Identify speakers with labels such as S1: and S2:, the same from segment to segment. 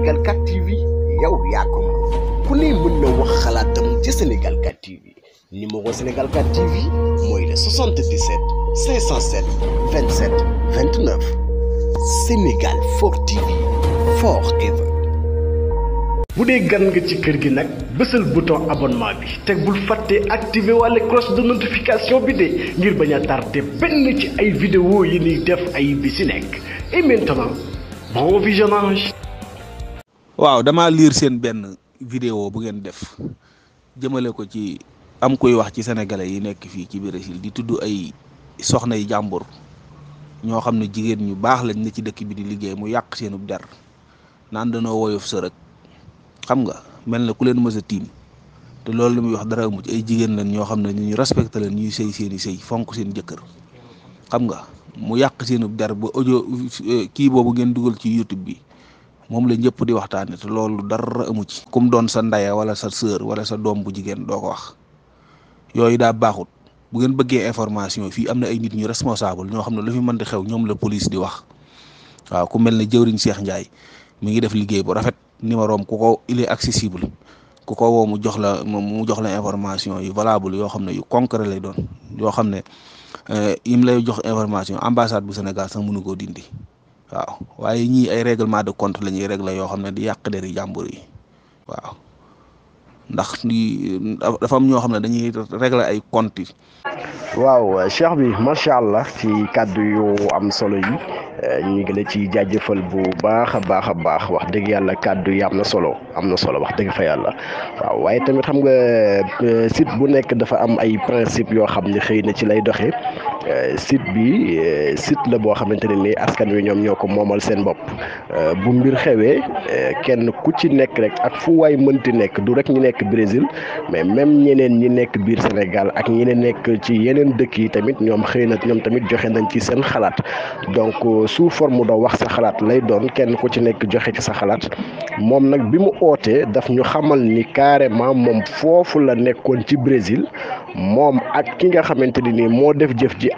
S1: Sénégal 4 TV yow yaa ko ku ne mën na wax xalaatam ci Sénégal 4 TV numéro Sénégal 4 TV moy le 77 507 27 29 Sénégal 4 TV forever. Vous voulez gan nga ci kër gi nag bouton abonnement bi te bul fàtte la cloche de notification bi ne ngir bañ tardé benn ci ay vidéo yi ni def ay et maintenant bon
S2: visionnage. waaw dama liir seen benn vidéo bu ngeen def jëmale ko ci am koy wax ci sénégalais yi nekk fii ci Brésil di tudd ay soxna yi jàmbur ñoo xam ne jigéen ñu baax lañ ne ci dëkk bi di liggéey mu yàq seenub der naan danoo woyof sërëg xam nga mel na ku leen mës a tiim te loolu li muy wax dara amu ay jigéen lañ ñoo xam ne ñu respecté leen ñuy sëy seeni sëy fonk seen jëkkër xam nga mu yàq seenub der ba ojo kii boobu ngeen dugal ci YouTube bi moom la ñëpp di waxtaane te loolu dara amu ci kum doon sa ndaya wala sa sœur wala sa doom bu jigéen doo ko wax yooyu daa baaxut bu ngeen bëggee information fii am na ay nit ñu responsable ñoo xam ne lu fi mën di xew ñoom la police di wax waaw ku mel ne jëwriñ Cheikh Ndiaye mi ngi def liggéey bu rafet numéro am ku ko il est accessible ku ko woo mu jox la mu jox la information yu valable yoo xam ne yu concret lay doon yoo xam ne euh, yim lay jox information ambassade bu Sénégal sax mënu koo dindi waaw waaye ñii ay réglement de compte la ñuy régler yoo xam ne di yàq deri jàmbur yi waaw ndax dafa am ñoo xam ne dañuy régler ay compte yi. waaw cheikh
S1: bi macha allah
S2: ci kàddu yu am solo yi.
S1: Eh, ñu ngi la ci jaajëfal bu baax a baax a baax wax dëgg yàlla kàddu yi am na solo am na solo wax dëgg fa yàlla waaw waaye tamit xam nga eh, site bu nekk dafa am ay principe yoo xam ne xëy na ci lay doxee Euh, site bi euh, site la boo xamante ne ni askan wi ñoom ñoo ko moomal seen bopp euh, bu mbir xewee kenn ku ci nekk rek ak fu waay mënti nekk du rek ñi nekk Brésil mais même ñeneen ñi nekk biir Sénégal ak ñeneen nekk ci yeneen dëkk yi tamit ñoom xëy na ñoom tamit joxe nañ ci seen xalaat donc sous forme da wax sa xalaat lay doon kenn ku ci nekk joxe ci sa xalaat moom nag bi mu ootee daf ñu xamal ni carrément moom foofu la nekkoon ci Brésil moom ak ki nga xamante ni moo def jëf ji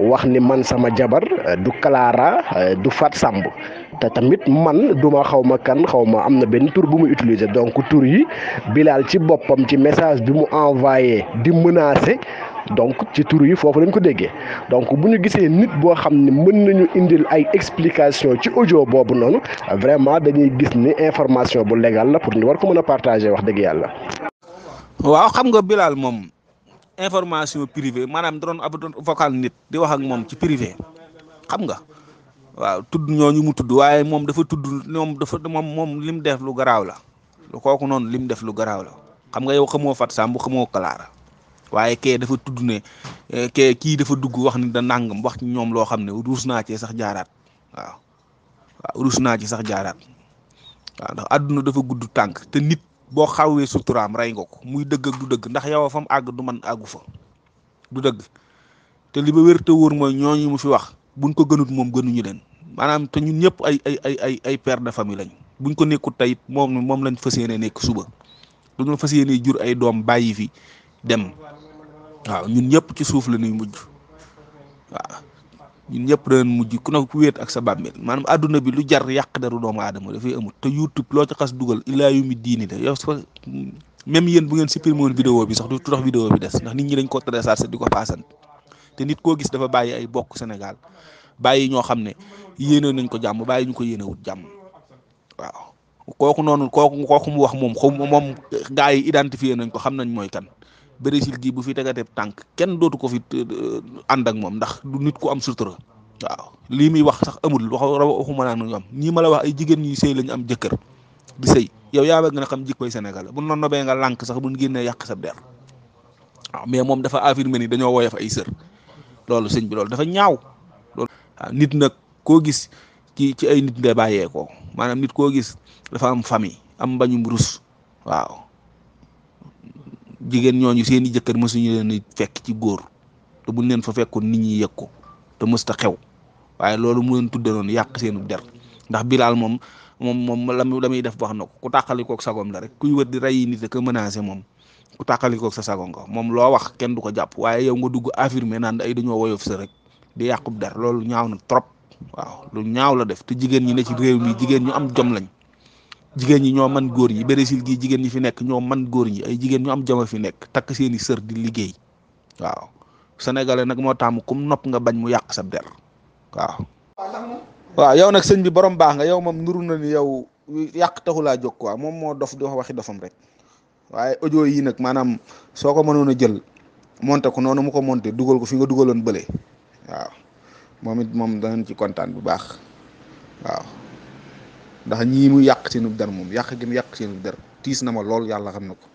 S1: wax ni man sama jabar euh, du kalaara euh, du Fat Samb te tamit man duma xaw ma kan xaw ma am na benn tour bu mu utiliser donc tur yi Bilal ci boppam ci message bi mu envoyé di menacer donc ci tur yi foofu leen ko déggee donc bu ñu gisee nit boo xam ne mën nañu indil ay explication ci audio boobu noonu vraiment dañuy gis ni information bu légal la pour ñu war ko mën a partager wax dëgg yàlla.
S2: waaw xam nga Bilal moom. information privée maanaam da doon ab vocal nit di wax ak moom ci privé xam nga waaw tudd ñooñu mu tudd waaye moom dafa tudd moom dafa moom moom lim def lu garaaw la kooku noonu lim def lu garaaw la xam nga yow xamoo Fat Samb xamoo Kalaara waaye ke dafa tudd ne eh, kee kii dafa dugg wax ni da nangam wax ñoom loo xam ne ruus naa ci sax jaaraat waaw ruus naa ci sax jaaraat waaw ndax dafa gudd tànk te nit boo xawwee suturaam ray nga ko muy dëgg du dëgg ndax yow fa mu àgg du man àggu fa du dëgg te li ba wér te wóor mooy ñooñu mu fi wax buñ ko gënut moom ñu leen maanaam te ñun ñëpp ay ay ay ay ay père de famille lañ buñ ko nekkut tey moom moom lañ fas yéene nekk suba dañoo fas yéene jur ay doom bàyyi fi dem waaw ñun ñëpp ci suuf la ñuy mujj waaw. ñun ñëpp mujj ku ne ku wéet ak sa bàmmeel maanaam àdduna bi lu jar yàq deru doomu aadama dafay amul te youtube loo ci xas dugal illaa yu mi diini la yow sax même yéen bu ngeen supprimer woon vidéo bi sax du tax vidéo bi des ndax nit ñi dañ ko téléchargé di ko paasant te nit koo gis dafa bàyyi ay bokk Sénégal bàyyi ñoo xam ne yéene nañ ko jàmm bàyyi ñu ko wut jàmm waaw kooku noonu kooku kooku mu wax moom xaw moom gaa yi identifié nañ ko xam nañ mooy kan Brésil gi bu fi tegatee tànk kenn dootu ko fi euh, ànd ak moom ndax du nit ku am sutura waaw lii muy wax sax amul wax waxuma naa ñu am ñii ma la wax ay jigéen ñi sëy lañu am jëkkër di sëy yow yaa bëgg na xam jikkoy Sénégal bu non nobee nga lànk sax buñ génnee yàq sa der waaw mais moom dafa affirmé ni dañoo woyof ay sër loolu sëñ bi loolu dafa ñaaw loolu nit nag koo gis ci ci ay nit nga bàyyeekoo maanaam nit koo gis dafa am famille am mbañum rus waaw jigéen ñooñu seen i jëkkër mësuñu leen fekk ci góor te buñ leen fa fekkoon nit ñi yëg ko te mësta xew waaye loolu mu leen tudde noonu yàq seenu der ndax bilaal moom moom moom la muy def wax na ko ku tàqalikook sagoom la rek kuy wër di rey nit ak menacé moom ku tàqalikook sa sago loo wax kenn du ko jàpp waaye yow nga dugg affirmé naan ay dañoo woyof sa rek di yàqub der loolu ñaaw na trop waaw lu ñaaw la def te jigéen ñi ne ci réew mi jigéen ñu am jom lañ jigen ñi ñoo man góor yi brésil gi jigen ñi fi nekk ñoo man góor ñi ay jigen ñu am jama fi nekk takk seeni sër di liggéey waaw sénégalais nag moo taamu kum nopp nga bañ mu yàq sa der waaw waaw yow nag sëñ bi borom baax nga yow moom nuru na ni yow yàq taxulaa jóg quoi moom moo dof di wax waxi dofam rek waaye audio yi nag maanaam soo ko mënoon a jël monté ko noonu mu ko monté dugal ko fi nga dugaloon bële waaw moom it moom danañ ci kontaan bu baax waaw ndax ñii mu yàq seenub der moom yàq gi mu yàq seenub der tiis na ma lool yàlla xam na ko.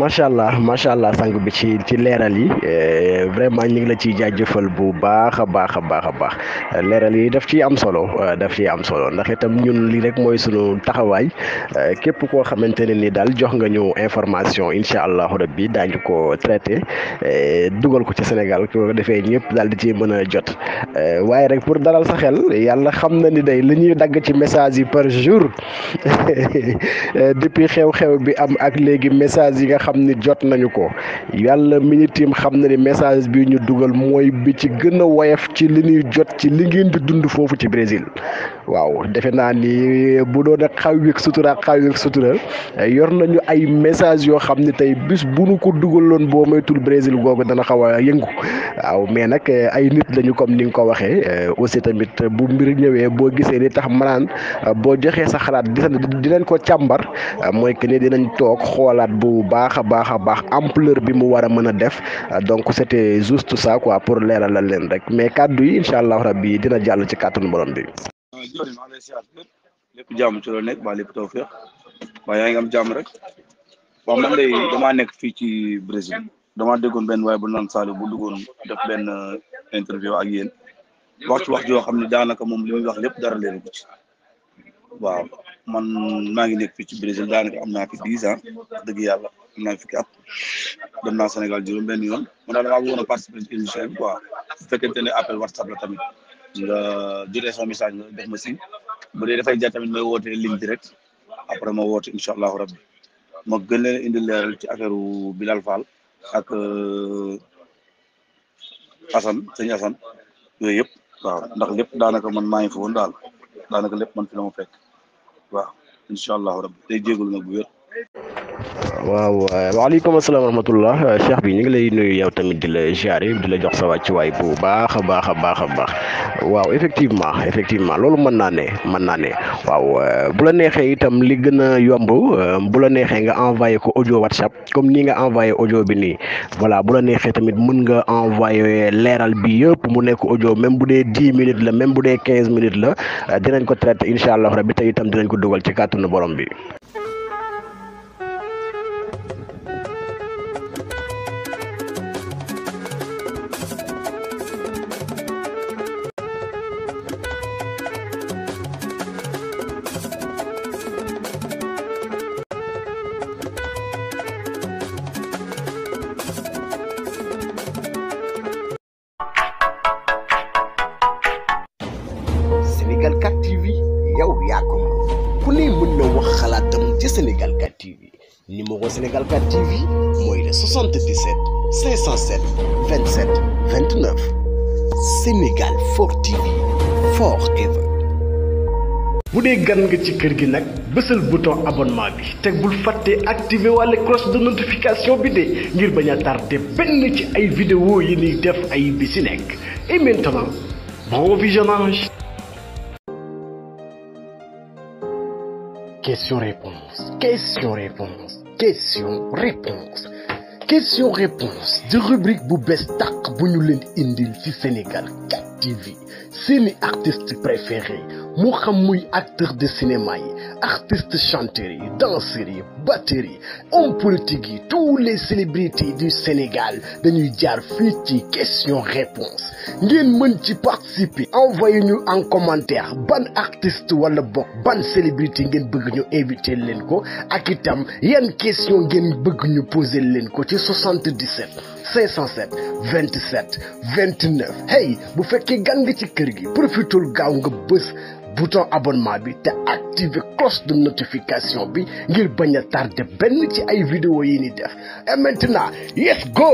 S2: macha allah macha allah
S1: sang bi ci ci leeral yi eh, vraiment ñu ngi la ciy jaajëfal bu baax a baax a baax a baax leeral yi daf ci am solo euh, daf ciy am solo ndax itam ñun li rek mooy sunu taxawaay euh, képp koo xamante ne ni daal jox nga ñu information incha allahu rabbi daañu ko traité euh, dugal ko ci Sénégal ko defee ñëpp daal di ci mën a jot waaye rek pour dalal sa xel yàlla xam na ni day li ñuy dagg ci message yi par jour depuis xew-xew bi am ak léegi message yi nga xam ni jot nañu ko yàlla mi xam na ni message bi ñu dugal mooy bi ci gën woyof ci li ñuy jot ci li ngeen di dund foofu ci Brésil waaw defe naa ni eh, bu doon a xaw weeg sutura xaw weeg sutura eh, yor nañu ay message yoo xam ne tey bis bu nu ko loon boo moytul Brésil googu dana xaw a yëngu waaw mais nag eh, ay nit lañu comme ni nga ko waxee aussi tamit bu mbir ñëwee boo gisee li tax manaan boo joxee sa xalaat di dinañ ko càmbar mooy que ne dinañ toog xoolaat bu baax a baax a baax ampleur bi mu war a mën a def donc c'était juste ça quoi pour leeral leeralal leen rek mais kàddu yi incha allah rabbi dina jàll ci kàttanu borom bi.
S2: jori maa ngi lay siyaar lépp lépp nekk ba lépp taw féex ba yaa ngi am jàmm rek waaw man de damaa nekk fii ci Brésil damaa déggoon benn waaye bu naan Saliou bu duggoon def benn euh, interview ak yéen wax ci wax joo xam ne daanaka moom li muy lépp dara leen ko waaw man maa ngi nekk fii ci Brésil daanaka am naa fi dix ans dëgg yàlla naa fi at dem naa Sénégal juróom benn yoon man daal a participer ci émission bi quoi su fekkente ne appel WhatsApp la tamit nga jëlee sama message nga def ma si bu dee dafay jar tamit may woote ligne direct après ma woote incha allahu rabbi ma gën leen indi leeral ci affaire Bilal Fall ak euh, Assane sëñ Assane yooyu yëpp waaw ndax lépp daanaka man maa ngi fi woon daal daanaka lépp man fi la ma fekk waaw incha allahu rabbi tey jéegul nag bu wér
S1: waaw waaleykum asalaam rahmatullah cheikh bi ñu ngi lay nuyu yow tamit di la ziare di la jox sa wàccuwaay bu baax a baax a baax a baax waaw effectivement effectivement loolu mën naa ne mën naa ne waaw euh, bu la neexee itam li gën a yomb euh, bu la neexee nga envoyé ko audio whatsapp comme nii nga envoyé audio bi nii voilà bu la neexee tamit mun nga envoyé leeral bi yëpp mu nekk audio même bu dee dix minutes la même bu dee quinze minutes la euh, dinañ ko traité incha allah rabbi te itam dinañ ko dugal ci kàttanu borom bi. Sénégal 4 TV numéro Sénégal 4 TV 77 507 27 29 Sénégal 4 TV forever. vous dee gan nga ci kër gi nag le bouton abonnement bi teg bul activer les cloche de notification bi de ngir bañ tardé benn ci ay vidéo yi ni def et maintenant bon visionnage. Question-réponse. Question-réponse. Question-réponse. Question-réponse. De rubrique Boubestac, Bounoulin indil Sénégal 4 TV mes artistes préférés mu xam muy acteur de cinéma yi artiste chanteur yi danseur yi batteur yi homme politique tous les célébrités du Sénégal dañuy jaar fii ci question réponse ngeen mën ci participer envoyez ñu en commentaire ban artiste wala bokk ban célébrité ngeen bëgg ñu inviter leen ko ak itam yan question ngeen bëgg ñu poser leen ko ci 77 507 27 29 hey bu fekkee gan nga ci kër gi profitul gaaw nga bës bouton abonnement bi te activer cloche de notification bi ngir bañ a tardé benn ci ay vidéo yi ni def et maintenant let's
S2: go